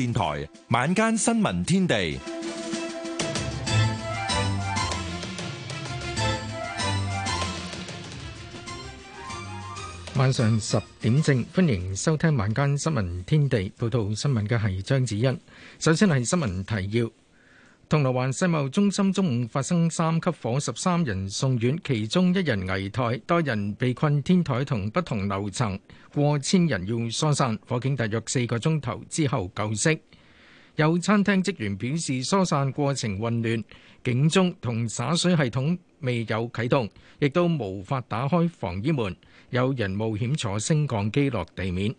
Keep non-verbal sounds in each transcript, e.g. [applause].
電台晚間新聞天地，晚上十點正，歡迎收聽晚間新聞天地。報道新聞嘅係張子欣。首先係新聞提要。銅鑼灣世貿中心中午發生三級火，十三人送院，其中一人危殆，多人被困天台同不同樓層，過千人要疏散。火警大約四個鐘頭之後救熄。有餐廳職員表示疏散過程混亂，警鐘同灑水系統未有啟動，亦都無法打開防煙門，有人冒險坐升降機落地面。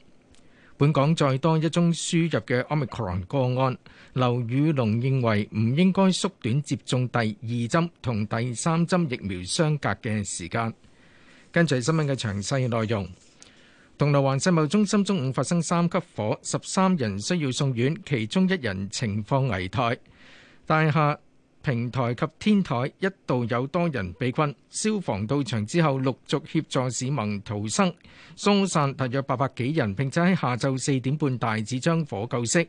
本港再多一宗輸入嘅 Omicron 個案，劉宇隆認為唔應該縮短接種第二針同第三針疫苗相隔嘅時間。跟住新聞嘅詳細內容，銅鑼灣世貿中心中午發生三級火，十三人需要送院，其中一人情況危殆。大廈平台及天台一度有多人被困，消防到場之後陸續協助市民逃生，疏散大約八百幾人，並且喺下晝四點半大致將火救熄。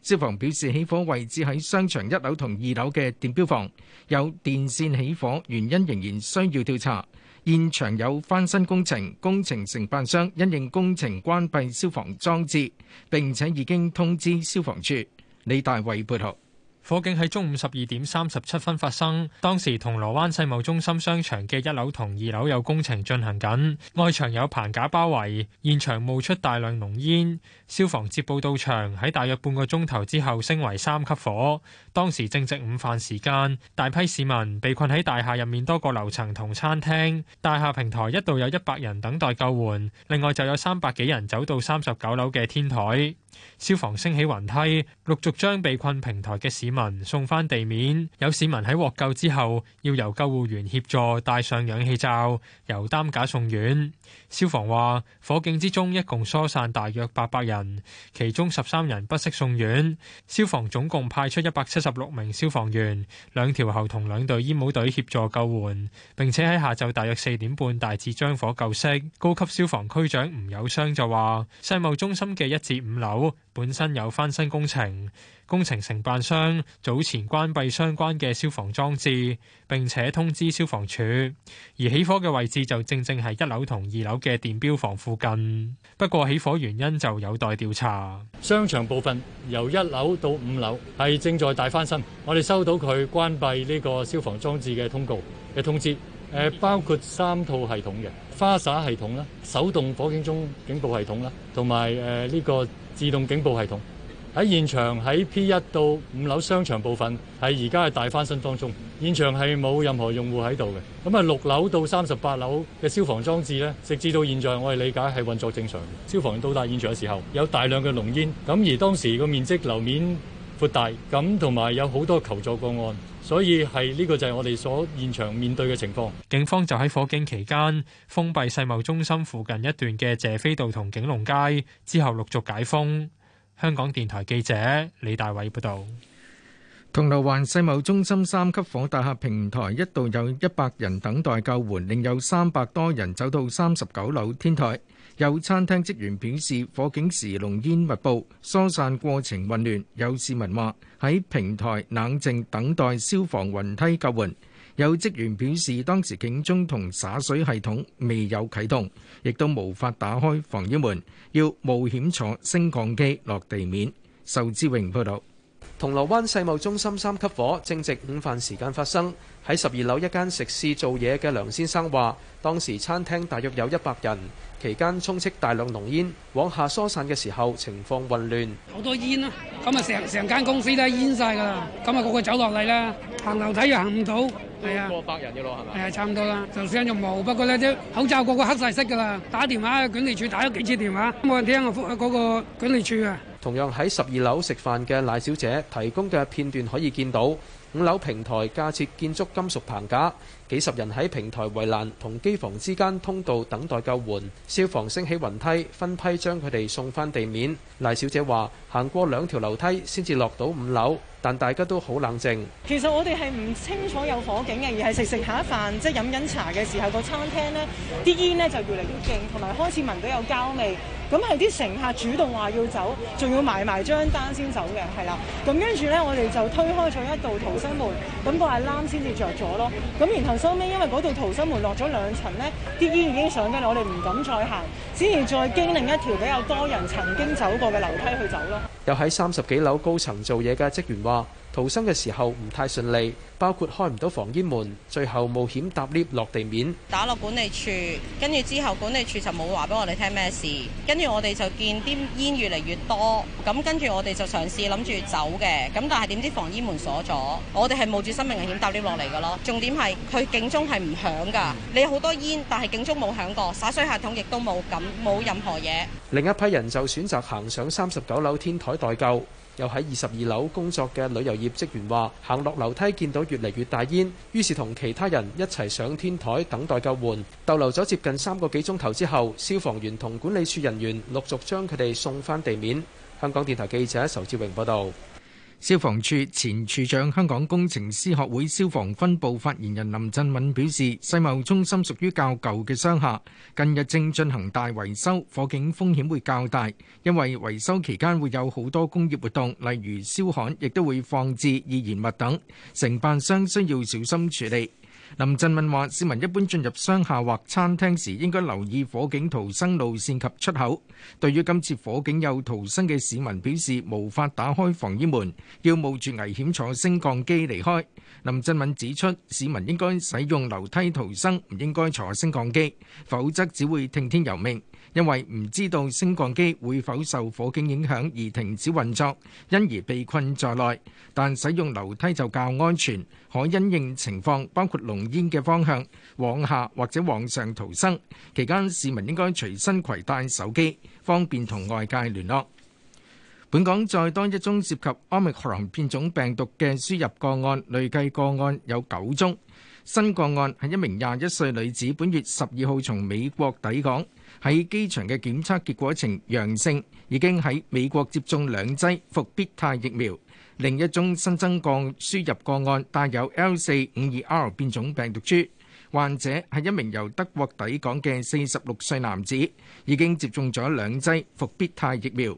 消防表示起火位置喺商場一樓同二樓嘅電表房，有電線起火，原因仍然需要調查。現場有翻新工程，工程承辦商因應工程關閉消防裝置，並且已經通知消防處。李大偉報道。火警喺中午十二點三十七分發生，當時銅鑼灣世貿中心商場嘅一樓同二樓有工程進行緊，外牆有棚架包圍，現場冒出大量濃煙。消防接報到場，喺大約半個鐘頭之後升為三級火。當時正值午飯時間，大批市民被困喺大廈入面多個樓層同餐廳，大廈平台一度有一百人等待救援，另外就有三百幾人走到三十九樓嘅天台。消防升起雲梯，陸續將被困平台嘅市民。送返地面，有市民喺獲救之後要由救護員協助戴上氧氣罩，由擔架送院。消防話，火警之中一共疏散大約八百人，其中十三人不適送院。消防總共派出一百七十六名消防員，兩條喉同兩隊煙帽隊協助救援，並且喺下晝大約四點半大致將火救熄。高級消防區長吳友商就話，世貿中心嘅一至五樓本身有翻新工程。工程承辦商早前關閉相關嘅消防裝置，並且通知消防署。而起火嘅位置就正正係一樓同二樓嘅電錶房附近。不過起火原因就有待調查。商場部分由一樓到五樓係正在大翻新。我哋收到佢關閉呢個消防裝置嘅通告嘅通知，誒，包括三套系統嘅花灑系統啦、手動火警鐘警報系統啦，同埋誒呢個自動警報系統。喺現場喺 P 一到五樓商場部分係而家係大翻新當中，現場係冇任何用戶喺度嘅。咁啊，六樓到三十八樓嘅消防裝置呢，直至到現在我哋理解係運作正常。消防員到達現場嘅時候，有大量嘅濃煙，咁而當時個面積樓面闊大，咁同埋有好多求助個案，所以係呢個就係我哋所現場面對嘅情況。警方就喺火警期間封閉世貿中心附近一段嘅謝斐道同景隆街，之後陸續解封。香港電台記者李大偉報道，銅鑼灣世貿中心三級火，大廈平台一度有一百人等待救援，另有三百多人走到三十九樓天台。有餐廳職員表示，火警時濃煙密布，疏散過程混亂。有市民話喺平台冷靜等待消防雲梯救援。有職員表示，當時警鐘同灑水系統未有啟動，亦都無法打開防煙門，要冒險坐升降機落地面。仇志榮報導。銅鑼灣世貿中心三級火，正值午飯時間發生。喺十二樓一間食肆做嘢嘅梁先生話，當時餐廳大約有一百人。期間充斥大量濃煙，往下疏散嘅時候情況混亂，好多煙啊，咁啊成成間公司都係煙曬㗎啦，咁啊個個走落嚟啦，行樓梯又行唔到，係啊，過百人嘅囉係咪？係啊，差唔多啦，就傷咗毛，不過呢啲口罩個個黑曬色㗎啦，打電話管理處打咗幾次電話，冇人聽啊，嗰個管理處啊。同樣喺十二樓食飯嘅賴小姐提供嘅片段可以見到，五樓平台架設建築金屬棚架。幾十人喺平台圍欄同機房之間通道等待救援，消防升起雲梯，分批將佢哋送返地面。賴小姐話：行過兩條樓梯先至落到五樓，但大家都好冷靜。其實我哋係唔清楚有火警嘅，而係食食下飯即係飲緊茶嘅時候，個餐廳呢啲、那個、煙呢就越嚟越勁，同埋開始聞到有焦味。咁係啲乘客主動話要走，仲要埋埋張單先走嘅，係啦。咁跟住呢，我哋就推開咗一道逃生門，咁、個阿欖先至着咗咯。咁然後。收尾，因為嗰度逃生門落咗兩層呢，啲煙已經上緊喇，我哋唔敢再行，只係再經另一條比較多人曾經走過嘅樓梯去走咯。有喺三十幾樓高層做嘢嘅職員話。逃生嘅時候唔太順利，包括開唔到防煙門，最後冒險搭 lift 落地面。打落管理處，跟住之後管理處就冇話俾我哋聽咩事，跟住我哋就見啲煙越嚟越多，咁跟住我哋就嘗試諗住走嘅，咁但係點知防煙門鎖咗，我哋係冒住生命危險搭 lift 落嚟嘅咯。重點係佢警鐘係唔響㗎，你有好多煙，但係警鐘冇響過，灑水系統亦都冇，咁冇任何嘢。另一批人就選擇行上三十九樓天台待救。又喺二十二樓工作嘅旅遊業職員話：行落樓梯見到越嚟越大煙，於是同其他人一齊上天台等待救援。逗留咗接近三個幾鐘頭之後，消防員同管理處人員陸續將佢哋送返地面。香港電台記者仇志榮報道。消防處前處長、香港工程師學會消防分部發言人林振敏表示：世貿中心屬於較舊嘅商廈，近日正進行大維修，火警風險會較大，因為維修期間會有好多工業活動，例如燒焊，亦都會放置易燃物等，承辦商需要小心處理。林振文話市民一般進入商廈或餐廳時應該留意火警逃生路線及出口。對於今次火警又逃生嘅市民，表示無法打開防煙門，要冒住危險坐升降機離開，林振文指出，市民應該使用樓梯逃生，唔應該坐升降機，否則只會聽天由命。因為唔知道升降機會否受火警影響而停止運作，因而被困在內。但使用樓梯就較安全，可因應情況，包括濃煙嘅方向，往下或者往上逃生。期間市民應該隨身攜帶手機，方便同外界聯絡。本港再多一宗涉及 Omicron 變種病毒嘅輸入個案，累計個案有九宗，新個案係一名廿一歲女子，本月十二號從美國抵港。喺機場嘅檢測結果呈陽性，已經喺美國接種兩劑復必泰疫苗。另一宗新增嘅輸入個案帶有 L 四五二 R 變種病毒株，患者係一名由德國抵港嘅四十六歲男子，已經接種咗兩劑復必泰疫苗。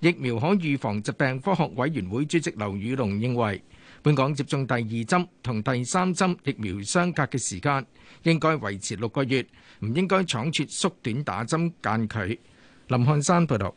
疫苗可預防疾病科學委員會主席劉宇隆認為，本港接種第二針同第三針疫苗相隔嘅時間應該維持六個月，唔應該倉促縮短打針間距。林漢山報道。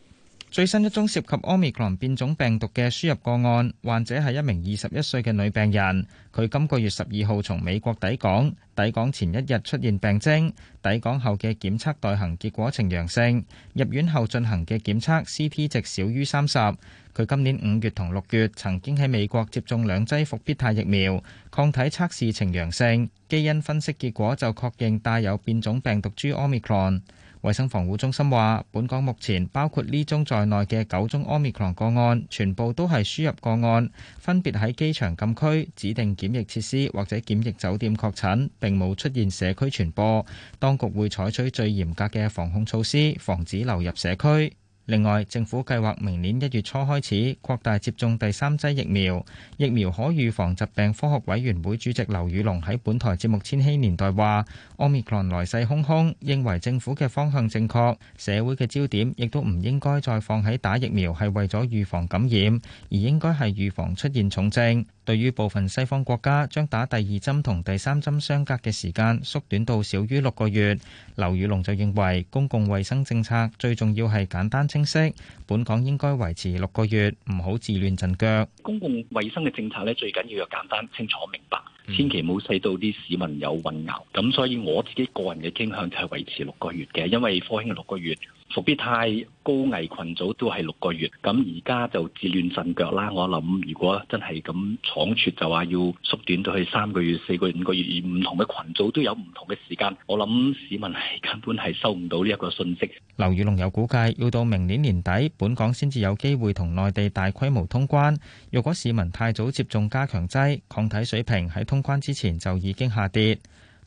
最新一宗涉及 omicron 變種病毒嘅輸入個案，患者係一名二十一歲嘅女病人。佢今個月十二號從美國抵港，抵港前一日出現病徵，抵港後嘅檢測代行結果呈陽性。入院後進行嘅檢測 c t 值少於三十。佢今年五月同六月曾經喺美國接種兩劑復必泰疫苗，抗體測試呈陽性，基因分析結果就確認帶有變種病毒株 omicron。衛生防護中心話，本港目前包括呢宗在內嘅九宗 Omicron 個案，全部都係輸入個案，分別喺機場禁區、指定檢疫設施或者檢疫酒店確診，並冇出現社區傳播。當局會採取最嚴格嘅防控措施，防止流入社區。另外，政府計劃明年一月初開始擴大接種第三劑疫苗。疫苗可預防疾病科學委員會主席劉宇隆喺本台節目《千禧年代》話，Omicron 來勢洶洶，認為政府嘅方向正確，社會嘅焦點亦都唔應該再放喺打疫苗係為咗預防感染，而應該係預防出現重症。對於部分西方國家將打第二針同第三針相隔嘅時間縮短到少於六個月，劉宇隆就認為，公共衛生政策最重要係簡單。清晰，本港應該維持六個月，唔好自亂陣腳。公共衛生嘅政策呢，最緊要又簡單、清楚、明白。千祈唔好使到啲市民有混淆，咁所以我自己個人嘅傾向就係維持六個月嘅，因為科興係六個月，復必泰高危群組都係六個月，咁而家就自亂陣腳啦。我諗如果真係咁倉促就話要縮短咗去三個月、四個月、五個月，而唔同嘅群組都有唔同嘅時間，我諗市民係根本係收唔到呢一個信息。劉宇龍有估計，要到明年年底，本港先至有機會同內地大規模通關。若果市民太早接種加強劑，抗體水平喺通通關之前就已經下跌。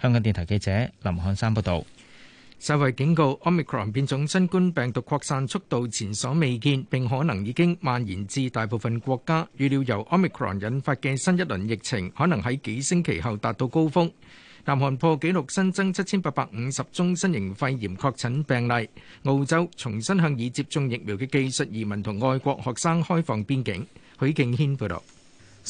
香港電台記者林漢山報道。世衛警告，Omicron 變種新冠病毒擴散速度前所未見，並可能已經蔓延至大部分國家。預料由 Omicron 引發嘅新一輪疫情，可能喺幾星期後達到高峰。南韓破紀錄新增七千八百五十宗新型肺炎確診病例。澳洲重新向已接種疫苗嘅技術移民同外國學生開放邊境。許敬軒報道。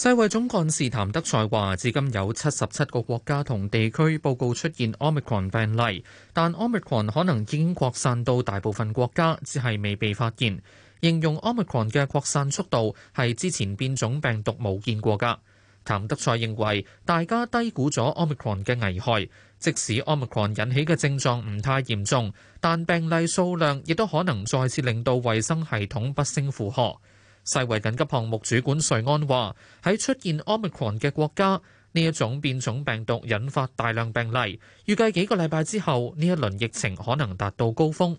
世衛總幹事譚德賽話，至今有七十七個國家同地區報告出現 omicron 病例，但 omicron 可能已經擴散到大部分國家，只係未被發現。形容 omicron 嘅擴散速度係之前變種病毒冇見過噶。譚德賽認為大家低估咗 omicron 嘅危害，即使 omicron 引起嘅症狀唔太嚴重，但病例數量亦都可能再次令到衛生系統不勝負荷。世衛緊急項目主管瑞安話：喺出現 Omicron 嘅國家，呢一種變種病毒引發大量病例，預計幾個禮拜之後，呢一輪疫情可能達到高峰。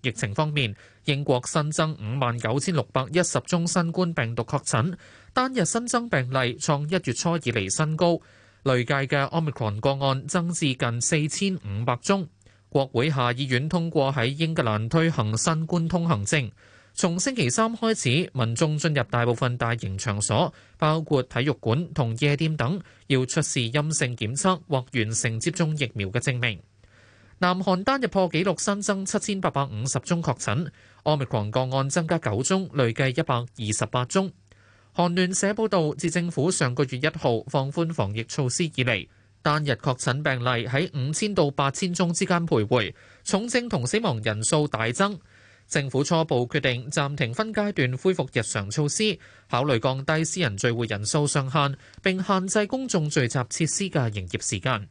疫情方面，英國新增五萬九千六百一十宗新冠病毒確診，單日新增病例創一月初以嚟新高，累計嘅 Omicron 個案增至近四千五百宗。國會下議院通過喺英格蘭推行新冠通行證。從星期三開始，民眾進入大部分大型場所，包括體育館同夜店等，要出示陰性檢測或完成接種疫苗嘅證明。南韓單日破紀錄新增七千八百五十宗確診，Omicron 個案增加九宗，累計一百二十八宗。韓聯社報導，自政府上個月一號放寬防疫措施以嚟，單日確診病例喺五千到八千宗之間徘徊，重症同死亡人數大增。政府初步決定暫停分階段恢復日常措施，考慮降低私人聚會人數上限，並限制公眾聚集設施嘅營業時間。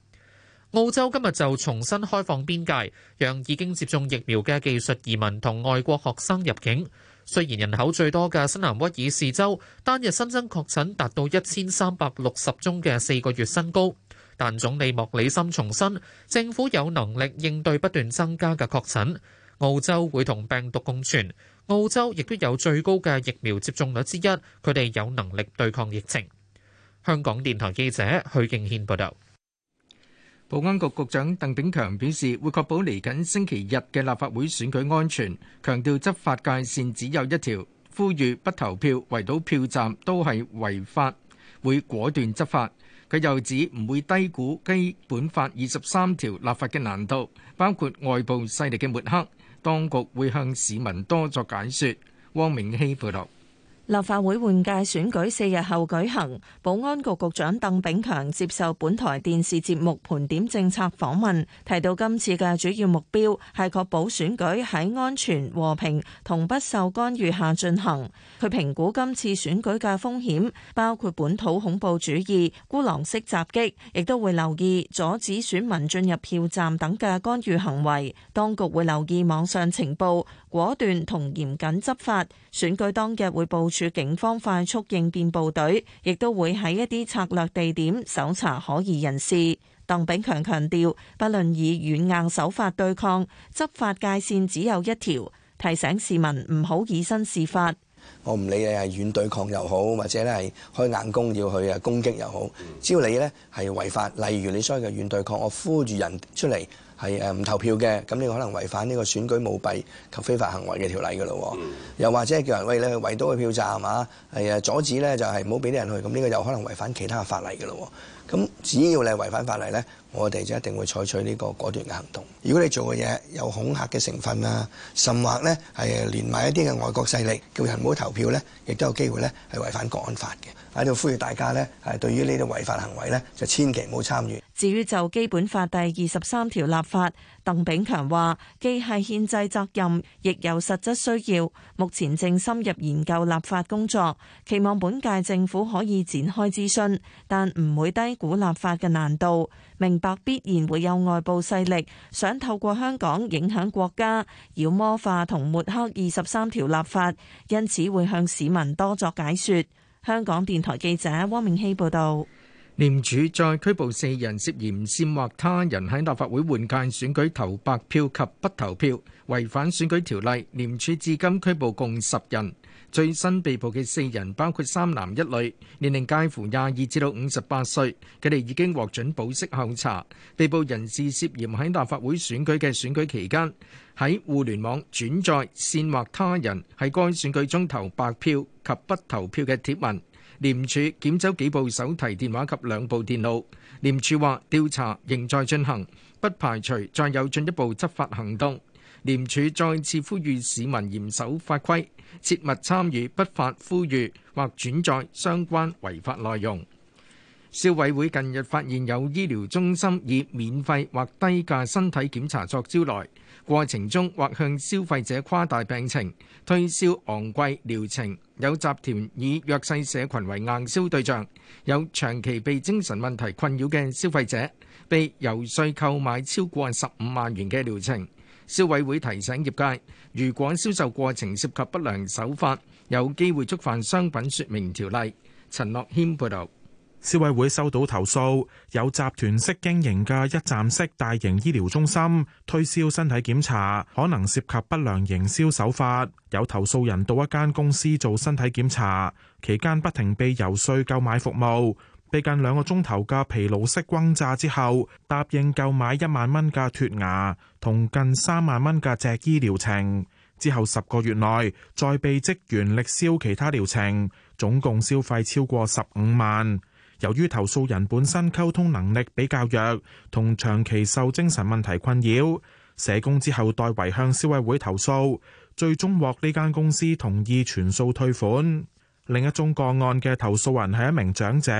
澳洲今日就重新開放邊界，讓已經接種疫苗嘅技術移民同外國學生入境。雖然人口最多嘅新南威爾士州單日新增確診達到一千三百六十宗嘅四個月新高，但總理莫里森重申，政府有能力應對不斷增加嘅確診。澳洲會同病毒共存，澳洲亦都有最高嘅疫苗接種率之一，佢哋有能力對抗疫情。香港電台記者許敬軒報導。保安局局長鄧炳強表示，會確保嚟緊星期日嘅立法會選舉安全，強調執法界線只有一條，呼籲不投票圍堵票站都係違法，會果斷執法。佢又指唔會低估基本法二十三條立法嘅難度，包括外部勢力嘅抹黑。當局會向市民多作解說。汪明熙報道。立法會換屆選舉四日後舉行，保安局局長鄧炳強接受本台電視節目《盤點政策》訪問，提到今次嘅主要目標係確保選舉喺安全、和平同不受干預下進行。佢評估今次選舉嘅風險包括本土恐怖主義、孤狼式襲擊，亦都會留意阻止選民進入票站等嘅干預行為。當局會留意網上情報，果斷同嚴緊執法。選舉當日會報駐警方快速應變部隊，亦都會喺一啲策略地點搜查可疑人士。鄧炳強強調，不論以軟硬手法對抗，執法界線只有一條，提醒市民唔好以身試法。我唔理你係軟對抗又好，或者咧係開硬攻要去啊，攻擊又好，只要你呢係違法，例如你所謂嘅軟對抗，我呼住人出嚟。係誒唔投票嘅，咁呢個可能違反呢個選舉舞弊及非法行為嘅條例嘅咯。又或者叫人喂，你去圍堵個票站係嘛？係啊，阻止咧就係唔好俾啲人去，咁呢個有可能違反其他法例嘅咯。咁只要你係違反法例咧，我哋就一定會採取呢個果斷嘅行動。如果你做嘅嘢有恐嚇嘅成分啊，甚或咧係連埋一啲嘅外國勢力叫人唔好投票咧，亦都有機會咧係違反國安法嘅。喺度呼籲大家咧係對於呢啲違法行為咧就千祈唔好參與。至於就《基本法》第二十三條立法，鄧炳強話既係憲制責任，亦有實質需要。目前正深入研究立法工作，期望本屆政府可以展開諮詢，但唔會低估立法嘅難度。明白必然會有外部勢力想透過香港影響國家，妖魔化同抹黑二十三條立法，因此會向市民多作解說。香港電台記者汪明熙報道。廉署再拘捕四人，涉嫌煽惑他人喺立法會換屆選舉投白票及不投票，違反選舉條例。廉署至今拘捕共十人，最新被捕嘅四人包括三男一女，年齡介乎廿二至到五十八歲。佢哋已經獲准保釋候查。被捕人士涉嫌喺立法會選舉嘅選舉期間，喺互聯網轉載煽惑他人喺該選舉中投白票及不投票嘅貼文。廉署檢走幾部手提電話及兩部電腦。廉署話調查仍在進行，不排除再有進一步執法行動。廉署再次呼籲市民嚴守法規，切勿參與不法呼籲或轉載相關違法內容。消委會近日發現有醫療中心以免費或低價身體檢查作招來。過程中或向消費者誇大病情，推銷昂貴療程。有集團以弱勢社群為硬銷對象，有長期被精神問題困擾嘅消費者被遊說購買超過十五萬元嘅療程。消委會提醒業界，如果銷售過程涉及不良手法，有機會觸犯商品說明條例。陳樂軒報導。消委會收到投訴，有集團式經營嘅一站式大型醫療中心推銷身體檢查，可能涉及不良營銷手法。有投訴人到一間公司做身體檢查期間，不停被遊說購買服務，被近兩個鐘頭嘅疲勞式轟炸之後，答應購買一萬蚊嘅脫牙同近三萬蚊嘅只醫療程。之後十個月內再被職員力銷其他療程，總共消費超過十五萬。由於投訴人本身溝通能力比較弱，同長期受精神問題困擾，社工之後代為向消委會投訴，最終獲呢間公司同意全數退款。另一宗個案嘅投訴人係一名長者，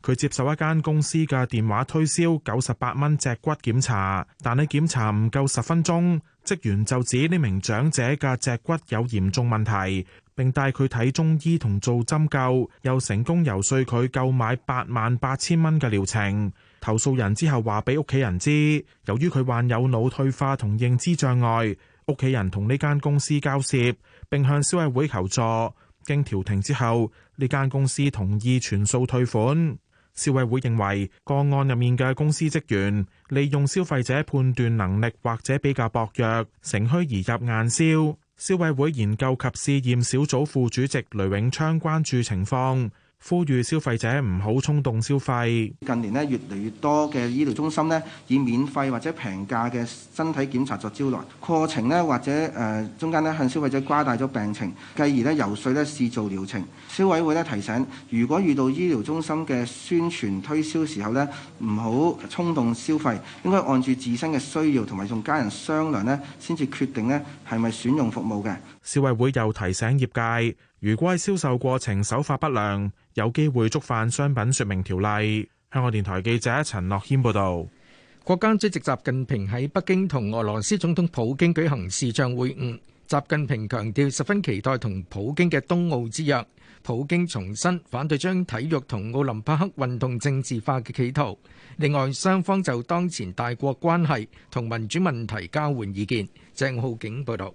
佢接受一間公司嘅電話推銷九十八蚊脊骨檢查，但係檢查唔夠十分鐘，職員就指呢名長者嘅脊骨有嚴重問題。並帶佢睇中醫同做針灸，又成功遊說佢購買八萬八千蚊嘅療程。投訴人之後話俾屋企人知，由於佢患有腦退化同認知障礙，屋企人同呢間公司交涉，并向消委會求助。經調停之後，呢間公司同意全數退款。消委會認為個案入面嘅公司職員利用消費者判斷能力或者比較薄弱，乘虛而入硬銷。消委會研究及試驗小組副主席雷永昌關注情況。呼籲消費者唔好衝動消費。近年咧越嚟越多嘅醫療中心咧以免費或者平價嘅身體檢查作招來，過程咧或者誒中間咧向消費者誇大咗病情，繼而咧游說咧試做療程。消委會咧提醒，如果遇到醫療中心嘅宣傳推銷時候咧，唔好衝動消費，應該按住自身嘅需要同埋同家人商量咧，先至決定咧係咪選用服務嘅。消委會又提醒業界。如果喺銷售過程手法不良，有機會觸犯商品説明條例。香港電台記者陳樂軒報導。國家主席習近平喺北京同俄羅斯總統普京舉行視像會晤，習近平強調十分期待同普京嘅冬奧之約。普京重申反對將體育同奧林匹克運動政治化嘅企圖。另外，雙方就當前大國關係同民主問題交換意見。鄭浩景報導。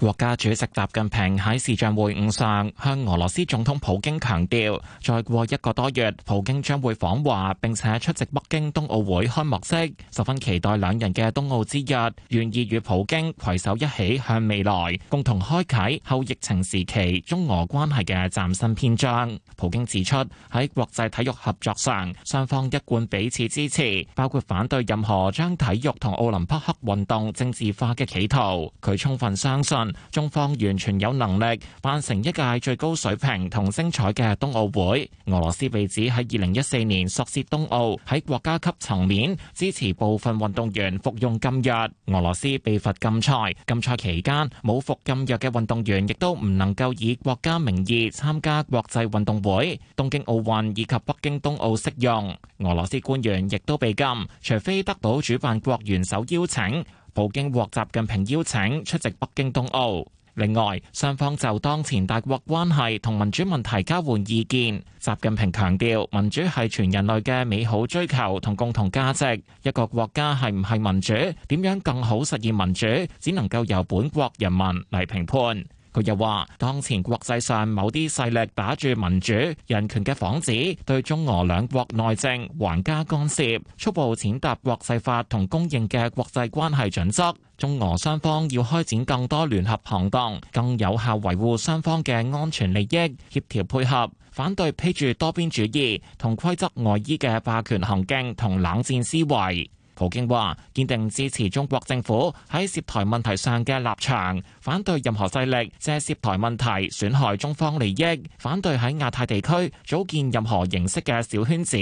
國家主席習近平喺視像會晤上向俄羅斯總統普京強調，再過一個多月，普京將會訪華並且出席北京冬奧會開幕式，十分期待兩人嘅冬奧之日，願意與普京攜手一起向未來共同開啓後疫情時期中俄關係嘅嶄新篇章。普京指出，喺國際體育合作上，雙方一貫彼此支持，包括反對任何將體育同奧林匹克運動政治化嘅企圖。佢充分相信，中方完全有能力辦成一屆最高水平同精彩嘅冬奧會。俄羅斯被指喺二零一四年索契冬奧喺國家級層面支持部分運動員服用禁藥，俄羅斯被罰禁賽。禁賽期間，冇服禁藥嘅運動員亦都唔能夠以國家名義參加國際運動會。東京奧運以及北京冬奧適用。俄羅斯官員亦都被禁，除非得到主辦國元首邀請。普京獲習近平邀請出席北京冬奧，另外雙方就當前大國關係同民主問題交換意見。習近平強調，民主係全人類嘅美好追求同共同價值，一個國家係唔係民主，點樣更好實現民主，只能夠由本國人民嚟評判。佢又話：當前國際上某啲勢力打住民主人權嘅幌子，對中俄兩國內政橫加干涉，粗暴踐踏國際法同公認嘅國際關係準則。中俄雙方要開展更多聯合行動，更有效維護雙方嘅安全利益，協調配合，反對披住多邊主義同規則外衣嘅霸權行徑同冷戰思維。普京話：堅定支持中國政府喺涉台問題上嘅立場，反對任何勢力借涉台問題損害中方利益，反對喺亞太地區組建任何形式嘅小圈子。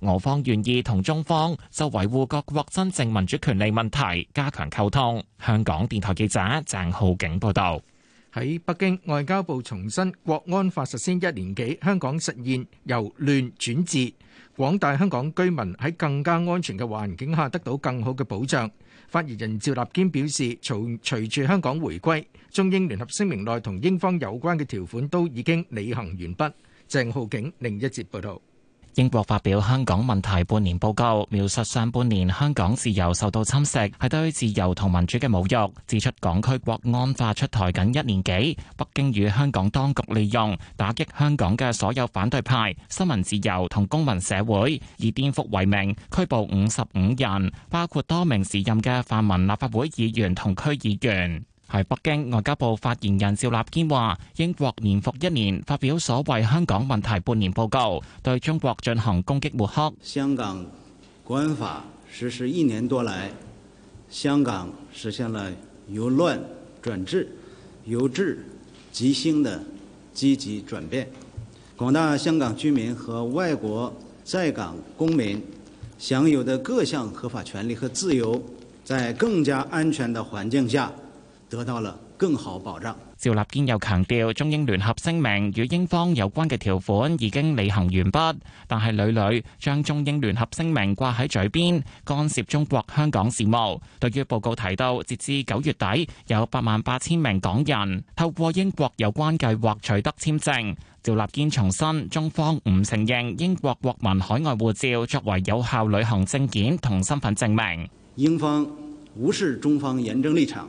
俄方願意同中方就維護各國真正民主權利問題加強溝通。香港電台記者鄭浩景報道。喺北京外交部，重申，國安法實施一年幾，香港實現由亂轉治，廣大香港居民喺更加安全嘅環境下得到更好嘅保障。發言人趙立堅表示，隨隨住香港回歸，中英聯合聲明內同英方有關嘅條款都已經履行完畢。鄭浩景另一節報道。英國發表香港問題半年報告，描述上半年香港自由受到侵蝕，係對自由同民主嘅侮辱。指出港區國安法出台僅一年幾，北京與香港當局利用打擊香港嘅所有反對派、新聞自由同公民社會，以顛覆為名拘捕五十五人，包括多名時任嘅泛民立法會議員同區議員。喺北京，外交部發言人趙立堅話：英國年復一年發表所謂香港問題半年報告，對中國進行攻擊抹黑。香港國安法實施一年多來，香港實現了由亂轉治、由治及興的積極轉變。廣大香港居民和外國在港公民享有的各項合法權利和自由，在更加安全的環境下，得到了更好保障。趙立堅又強調，中英聯合聲明與英方有關嘅條款已經履行完畢，但係屢屢將中英聯合聲明掛喺嘴邊，干涉中國香港事務。對於報告提到，截至九月底有八萬八千名港人透過英國有關計劃取得簽證，趙立堅重申，中方唔承認英國國民海外護照作為有效旅行證件同身份證明。英方無視中方嚴正立場。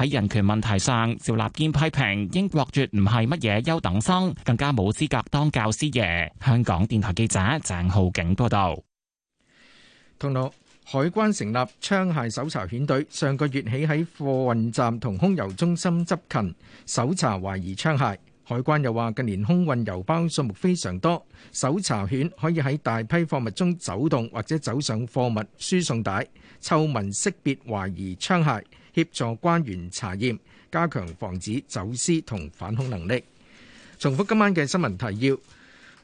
喺人權問題上，趙立堅批評英國絕唔係乜嘢優等生，更加冇資格當教師爺。香港電台記者鄭浩景報道。同樂，海關成立槍械搜查犬隊，上個月起喺貨運站同空郵中心執勤，搜查懷疑槍械。海關又話近年空運郵包數目非常多，搜查犬可以喺大批貨物中走動或者走上貨物輸送帶，臭聞識別懷疑槍械。協助關員查驗，加強防止走私同反恐能力。重複今晚嘅新聞提要：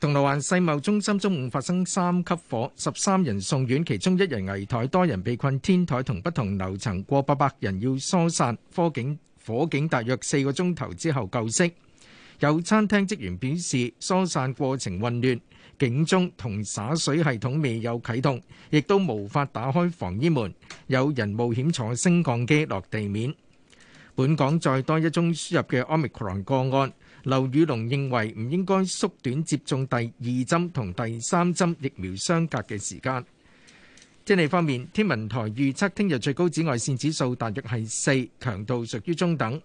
銅鑼灣世貿中心中午發生三級火，十三人送院，其中一人危殆，多人被困天台同不同樓層，過八百人要疏散。科警火警大約四個鐘頭之後救熄。有餐廳職員表示疏散過程混亂。警鐘同灑水系統未有啟動，亦都無法打開防煙門。有人冒險坐升降機落地面。本港再多一宗輸入嘅 Omicron 個案。劉宇龍認為唔應該縮短接種第二針同第三針疫苗相隔嘅時間。天氣方面，天文台預測聽日最高紫外線指數大約係四，強度屬於中等。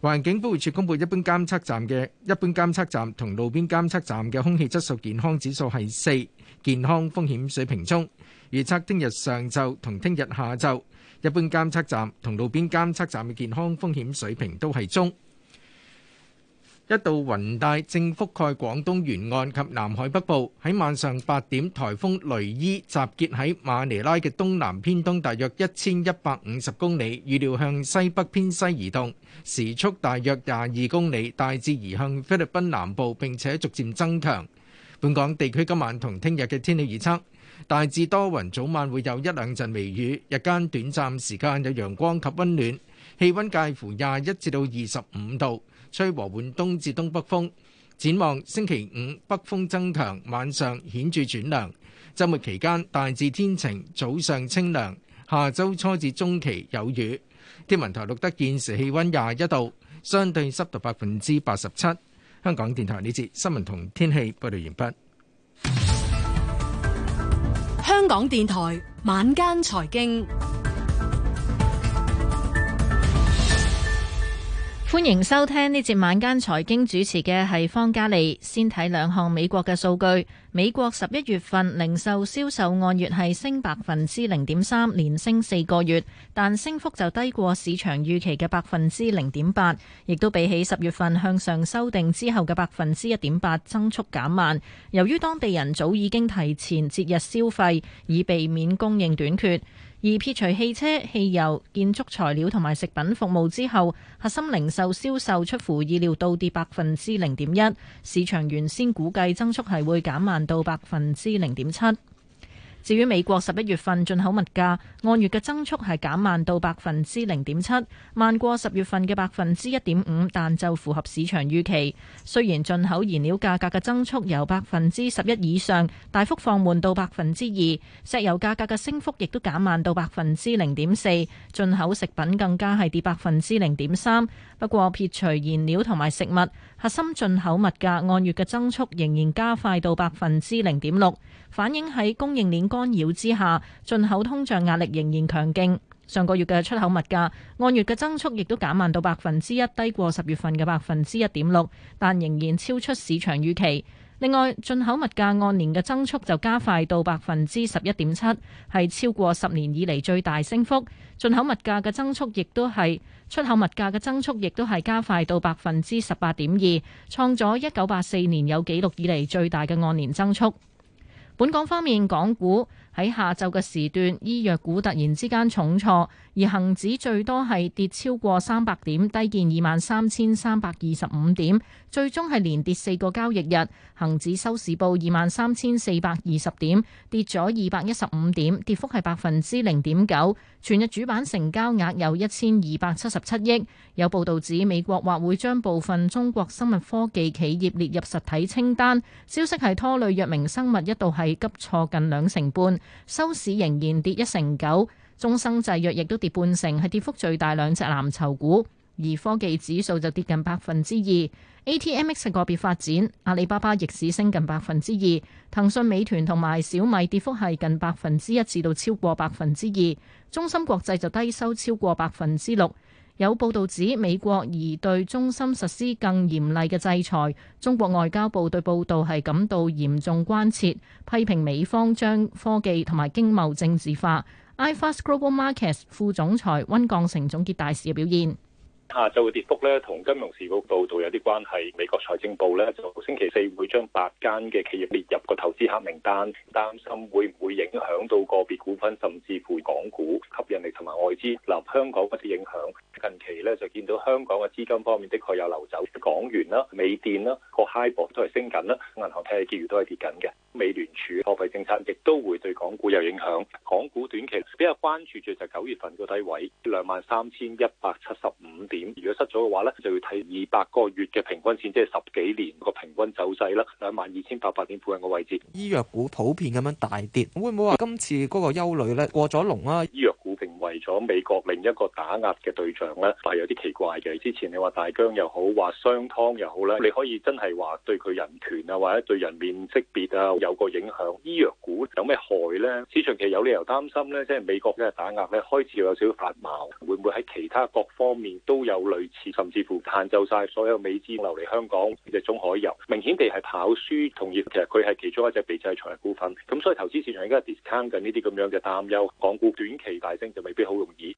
環境保護署公布一般監測站嘅一般監測站同路邊監測站嘅空氣質素健康指數係四，健康風險水平中。預測聽日上晝同聽日下晝一般監測站同路邊監測站嘅健康風險水平都係中。一道雲帶正覆蓋廣東沿岸及南海北部。喺晚上八點，颱風雷伊集結喺馬尼拉嘅東南偏東，大約一千一百五十公里，預料向西北偏西移動，時速大約廿二公里，大致移向菲律賓南部並且逐漸增強。本港地區今晚同聽日嘅天氣預測大致多雲，早晚會有一兩陣微雨，日間短暫時間有陽光及温暖，氣温介乎廿一至到二十五度。吹和緩東至東北風，展望星期五北風增強，晚上顯著轉涼。周末期間大致天晴，早上清涼。下周初至中期有雨。天文台錄得現時氣溫廿一度，相對濕度百分之八十七。香港電台呢節新聞同天氣報道完畢。香港電台晚間財經。歡迎收聽呢節晚間財經，主持嘅係方嘉利。先睇兩項美國嘅數據。美國十一月份零售銷售按月係升百分之零點三，連升四個月，但升幅就低過市場預期嘅百分之零點八，亦都比起十月份向上修訂之後嘅百分之一點八增速減慢。由於當地人早已經提前節日消費，以避免供應短缺。而撇除汽車、汽油、建築材料同埋食品服務之後，核心零售銷售出乎意料倒跌百分之零點一，市場原先估計增速係會減慢到百分之零點七。至於美國十一月份進口物價，按月嘅增速係減慢到百分之零點七，慢過十月份嘅百分之一點五，但就符合市場預期。雖然進口燃料價格嘅增速由百分之十一以上大幅放緩到百分之二，石油價格嘅升幅亦都減慢到百分之零點四，進口食品更加係跌百分之零點三。不過，撇除燃料同埋食物，核心進口物價按月嘅增速仍然加快到百分之零點六，反映喺供應鏈干擾之下，進口通脹壓力仍然強勁。上個月嘅出口物價按月嘅增速亦都減慢到百分之一，低過十月份嘅百分之一點六，但仍然超出市場預期。另外，進口物價按年嘅增速就加快到百分之十一點七，係超過十年以嚟最大升幅。進口物價嘅增速亦都係，出口物價嘅增速亦都係加快到百分之十八點二，創咗一九八四年有記錄以嚟最大嘅按年增速。本港方面，港股。喺下晝嘅時段，醫藥股突然之間重挫，而恒指最多係跌超過三百點，低見二萬三千三百二十五點，最終係連跌四個交易日，恒指收市報二萬三千四百二十點，跌咗二百一十五點，跌幅係百分之零點九。全日主板成交額有一千二百七十七億。有報道指美國話會將部分中國生物科技企業列入實體清單，消息係拖累藥明生物一度係急挫近兩成半。收市仍然跌一成九，中生製藥亦都跌半成，係跌幅最大兩隻藍籌股，而科技指數就跌近百分之二。ATMX 個別發展，阿里巴巴逆市升近百分之二，騰訊、美團同埋小米跌幅係近百分之一至到超過百分之二，中芯國際就低收超過百分之六。有報道指美國擬對中心實施更嚴厲嘅制裁，中國外交部對報道係感到嚴重關切，批評美方將科技同埋經貿政治化。iFast Global Markets 副總裁温鋼成總結大市嘅表現。下晝嘅跌幅咧，同金融時報報道有啲關係。美國財政部咧就星期四會將八間嘅企業列入個投資黑名單，擔心會唔會影響到個別股份，甚至乎港股吸引力同埋外資。嗱，香港有啲影響。近期咧就見到香港嘅資金方面，的確有流走，港元啦、美電啦、個 HIBOR 都係升緊啦，銀行體系結餘都係跌緊嘅。美聯儲貨幣政策亦都會對港股有影響，港股短期比較關注住就九月份個低位，兩萬三千一百七十五點。如果失咗嘅話咧，就要睇二百個月嘅平均線，即係十幾年個平均走勢啦，兩萬二千八百點附近個位置。醫藥股普遍咁樣大跌，會唔會話今次嗰個憂慮咧過咗龍啊？醫藥股成為咗美國另一個打壓嘅對象咧，但係有啲奇怪嘅。之前你話大疆又好，話商湯又好咧，你可以真係話對佢人權啊，或者對人面識別啊有個影響。醫藥股有咩害咧？市場其實有理由擔心咧，即係美國嘅打壓咧開始有少少發毛，會唔會喺其他各方面都有類似，甚至乎限就晒所有美資流嚟香港。呢隻中海油，明顯地係跑輸同業。其實佢係其中一隻被制裁嘅股份，咁所以投資市場應該係 discount 緊呢啲咁樣嘅擔憂，港股短期大升就未必好容易。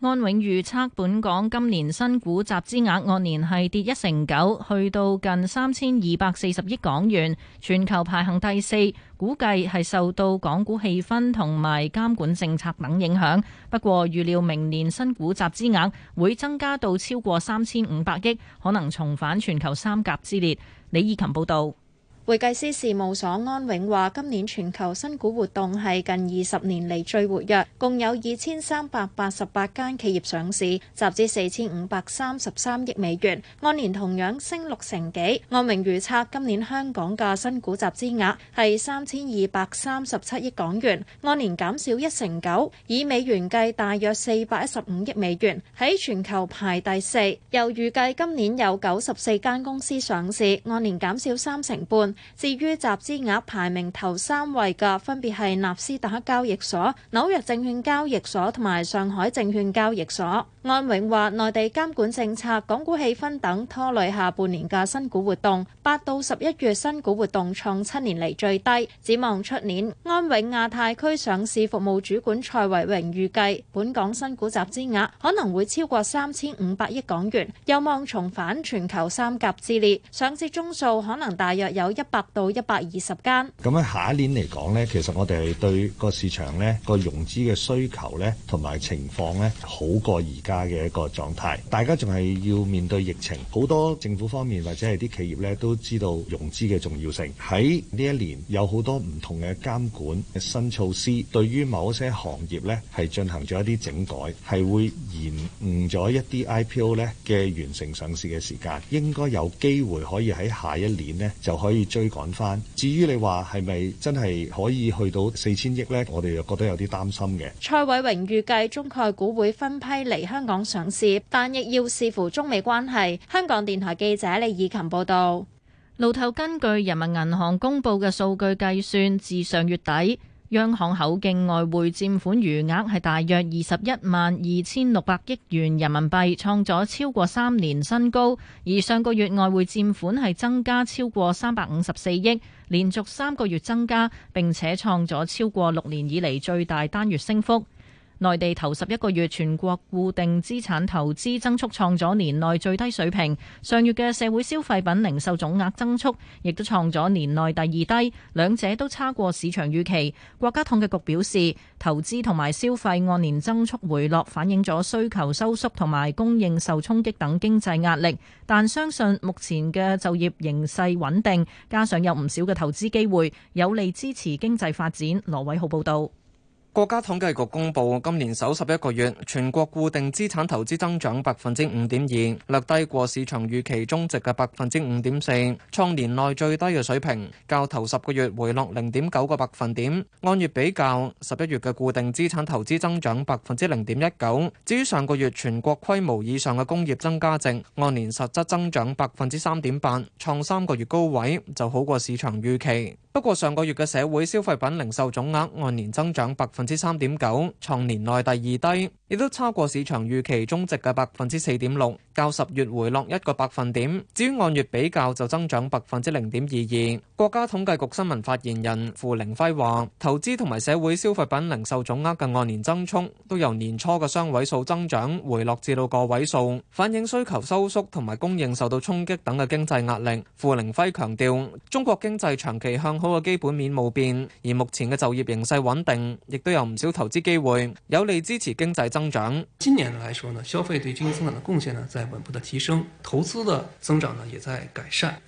安永預測本港今年新股集資額按年係跌一成九，去到近三千二百四十億港元，全球排行第四。估計係受到港股氣氛同埋監管政策等影響。不過，預料明年新股集資額會增加到超過三千五百億，可能重返全球三甲之列。李以琴報道。會計師事務所安永話：今年全球新股活動係近二十年嚟最活躍，共有二千三百八十八間企業上市，集資四千五百三十三億美元，按年同樣升六成幾。安永預測，今年香港嘅新股集資額係三千二百三十七億港元，按年減少一成九，以美元計大約四百一十五億美元，喺全球排第四。又預計今年有九十四間公司上市，按年減少三成半。至於集資額排名頭三位嘅，分別係納斯達克交易所、紐約證券交易所同埋上海證券交易所。安永話：內地監管政策、港股氣氛等拖累下半年嘅新股活動。八到十一月新股活動創七年嚟最低。指望出年，安永亞太區上市服務主管蔡維榮預計，本港新股集資額可能會超過三千五百億港元，有望重返全球三甲之列，上市宗數可能大約有一百到一百二十間。咁喺下一年嚟講呢，其實我哋對個市場呢個融資嘅需求呢，同埋情況呢，好過而家。嘅一個狀態，大家仲係要面對疫情，好多政府方面或者係啲企業咧都知道融資嘅重要性。喺呢一年有好多唔同嘅監管嘅新措施，對於某一些行業咧係進行咗一啲整改，係會延誤咗一啲 IPO 咧嘅完成上市嘅時間。應該有機會可以喺下一年咧就可以追趕翻。至於你話係咪真係可以去到四千億咧，我哋又覺得有啲擔心嘅。蔡偉榮預計中概股會分批離香港上市，但亦要視乎中美關係。香港電台記者李以琴報道。路透根據人民銀行公布嘅數據計算，至上月底，央行口徑外匯占款餘額係大約二十一萬二千六百億元人民幣，創咗超過三年新高。而上個月外匯占款係增加超過三百五十四億，連續三個月增加，並且創咗超過六年以嚟最大單月升幅。內地頭十一個月，全國固定資產投資增速創咗年內最低水平。上月嘅社會消費品零售總額增速亦都創咗年內第二低，兩者都差過市場預期。國家統計局表示，投資同埋消費按年增速回落，反映咗需求收縮同埋供應受衝擊等經濟壓力。但相信目前嘅就業形勢穩定，加上有唔少嘅投資機會，有利支持經濟發展。羅偉浩報道。國家統計局公布今年首十一個月全國固定資產投資增長百分之五點二，略低過市場預期中值嘅百分之五點四，創年內最低嘅水平，較頭十個月回落零點九個百分點。按月比較，十一月嘅固定資產投資增長百分之零點一九。至於上個月全國規模以上嘅工業增加值，按年實質增長百分之三點八，創三個月高位，就好過市場預期。不過上個月嘅社會消費品零售總額按年增長百分。之三點九，創年內第二低。亦都差過市場預期中值嘅百分之四點六，較十月回落一個百分點。至於按月比較就增長百分之零點二二。國家統計局新聞發言人付凌輝話：投資同埋社會消費品零售總額嘅按年增速都由年初嘅雙位數增長回落至到個位數，反映需求收縮同埋供應受到衝擊等嘅經濟壓力。付凌輝強調，中國經濟長期向好嘅基本面冇變，而目前嘅就業形勢穩定，亦都有唔少投資機會，有利支持經濟。今年來說呢，消費對經濟增長的貢獻呢，在穩步的提升，投資的增長呢，也在改善。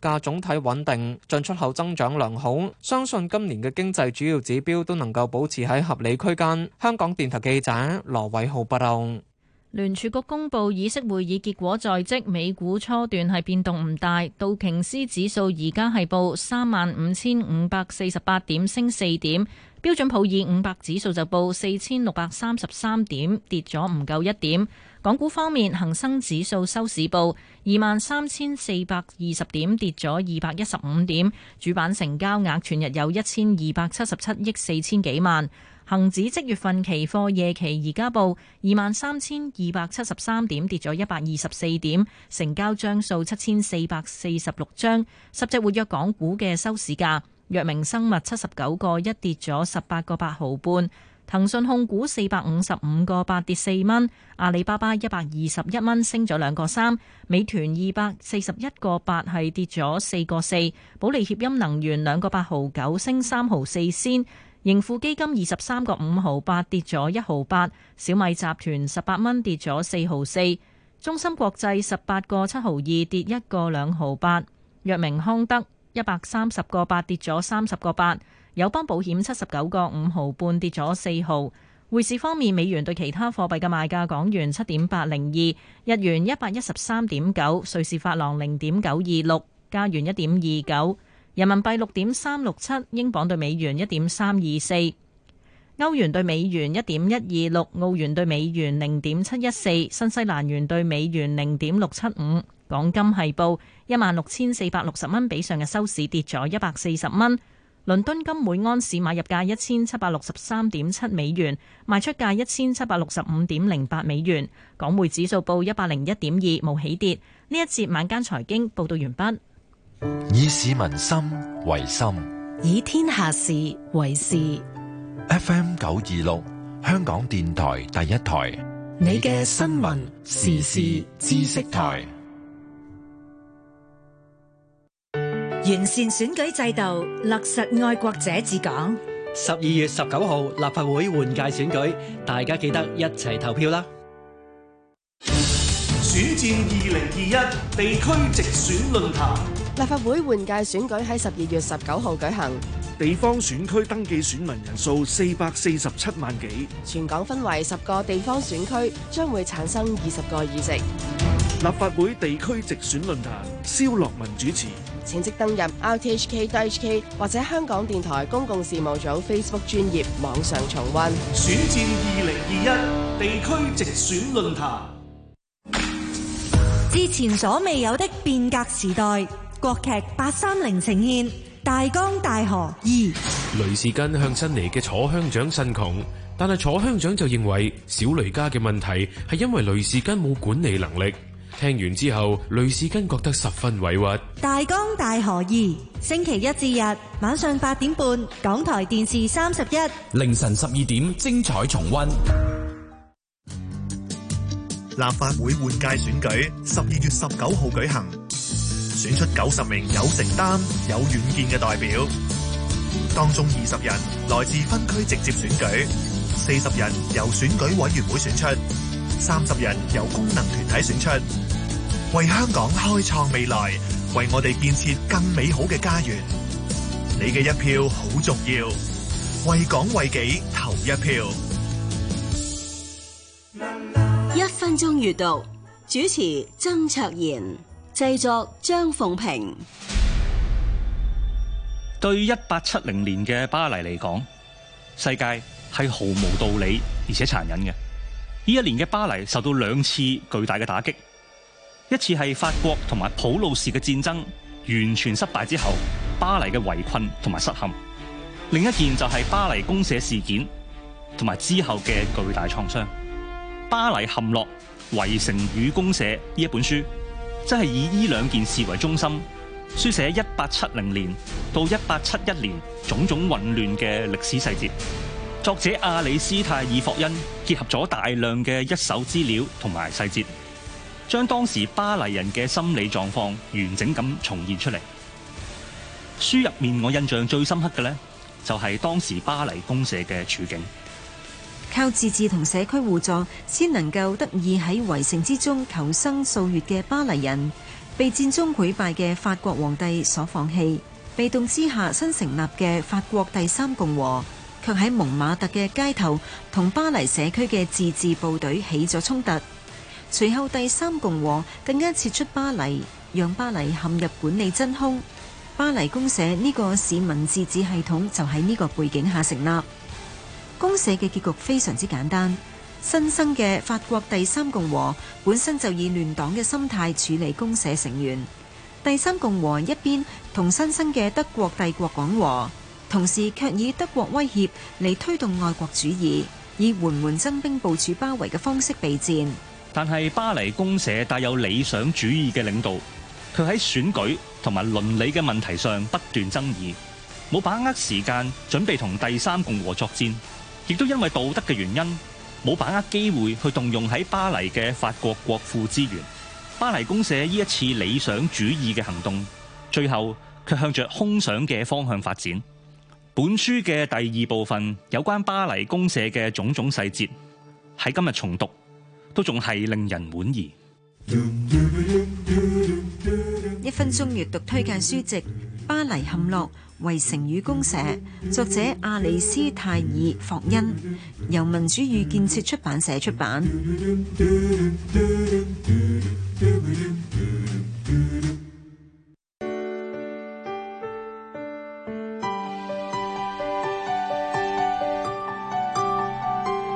價總體穩定，進出口增長良好，相信今年嘅經濟主要指標都能夠保持喺合理區間。香港電台記者羅偉浩報道。聯儲局公布議息會議結果在即，美股初段係變動唔大，道瓊斯指數而家係報三萬五千五百四十八點，升四點。標準普爾五百指數就報四千六百三十三點，跌咗唔夠一點。港股方面，恒生指數收市報二萬三千四百二十點，跌咗二百一十五點。主板成交額全日有一千二百七十七億四千幾萬。恒指即月份期貨夜期而家報二萬三千二百七十三點，跌咗一百二十四點，成交張數七千四百四十六張。十隻活躍港股嘅收市價。藥明生物七十九個一跌咗十八個八毫半，騰訊控股四百五十五個八跌四蚊，阿里巴巴一百二十一蚊升咗兩個三，美團二百四十一個八係跌咗四個四，保利協鑫能源兩個八毫九升三毫四先，盈富基金二十三個五毫八跌咗一毫八，小米集團十八蚊跌咗四毫四，中芯國際十八個七毫二跌一個兩毫八，藥明康德。一百三十個八跌咗三十個八，友邦保險七十九個五毫半跌咗四毫。匯市方面，美元對其他貨幣嘅賣價，港元七點八零二，日元一百一十三點九，瑞士法郎零點九二六，加元一點二九，人民幣六點三六七，英鎊對美元一點三二四，歐元對美元一點一二六，澳元對美元零點七一四，新西蘭元對美元零點六七五。港金係報一萬六千四百六十蚊，16, 比上嘅收市跌咗一百四十蚊。倫敦金每安士買入價一千七百六十三點七美元，賣出價一千七百六十五點零八美元。港匯指數報一百零一點二，冇起跌。呢一節晚間財經報道完畢。以市民心為心，以天下事為事。F M 九二六，香港電台第一台，你嘅新聞時事知識台。完善選舉制度，落實愛國者治港。十二月十九號立法會換屆選舉，大家記得一齊投票啦！選戰二零二一地區直選論壇，立法會換屆選舉喺十二月十九號舉行。地方選區登記選民人數四百四十七萬幾，全港分為十個地方選區，將會產生二十個議席。立法會地區直選論壇，蕭樂文主持。請即登入 RTHK、HK 或者香港電台公共事務組 Facebook 專頁網上重溫《選戰二零二一地區直選論壇》。之前所未有的變革時代，國劇《八三零》呈現《大江大河二》。雷士根向新嚟嘅楚鄉長呻窮，但係楚鄉長就認為小雷家嘅問題係因為雷士根冇管理能力。聽完之後，雷士根覺得十分委屈。大江大河二，星期一至日晚上八點半，港台電視三十一，凌晨十二點精彩重溫。立法會換屆選舉十二月十九號舉行，選出九十名有承擔、有遠見嘅代表，當中二十人來自分區直接選舉，四十人由選舉委員會選出。30人由功能團體選出，為香港開創未來，為我哋建設更美好嘅家園。你嘅一票好重要，為港為己投一票。一分鐘閱讀，主持曾卓賢，製作張鳳平。對1870年嘅巴黎嚟講，世界係毫無道理而且殘忍嘅，呢一年嘅巴黎受到兩次巨大嘅打擊，一次係法國同埋普魯士嘅戰爭完全失敗之後，巴黎嘅圍困同埋失陷；另一件就係巴黎公社事件同埋之後嘅巨大創傷。《巴黎陷落：圍城與公社》呢一本書，即係以呢兩件事為中心，書寫一八七零年到一八七一年種種混亂嘅歷史細節。作者阿里斯泰爾霍恩結合咗大量嘅一手資料同埋細節，將當時巴黎人嘅心理狀況完整咁重現出嚟。書入面我印象最深刻嘅呢，就係當時巴黎公社嘅處境。靠自治同社區互助先能夠得以喺圍城之中求生數月嘅巴黎人，被戰中潰敗嘅法國皇帝所放棄，被動之下新成立嘅法國第三共和。卻喺蒙馬特嘅街頭同巴黎社區嘅自治部隊起咗衝突。隨後第三共和更加撤出巴黎，讓巴黎陷入管理真空。巴黎公社呢個市民自治系統就喺呢個背景下成立。公社嘅結局非常之簡單，新生嘅法國第三共和本身就以亂黨嘅心態處理公社成員，第三共和一邊同新生嘅德國帝國講和。同時卻以德國威脅嚟推動愛國主義，以緩緩增兵部署包圍嘅方式備戰。但係巴黎公社帶有理想主義嘅領導，佢喺選舉同埋倫理嘅問題上不斷爭議，冇把握時間準備同第三共和作戰，亦都因為道德嘅原因，冇把握機會去動用喺巴黎嘅法國國庫資源。巴黎公社呢一次理想主義嘅行動，最後卻向著空想嘅方向發展。本書嘅第二部分有關巴黎公社嘅種種細節，喺今日重讀都仲係令人滿意 [music] 一分鐘閱讀推介書籍《巴黎陷落：圍城與公社》，作者阿里斯泰爾霍恩，由民主與建設出版社出版。 [music]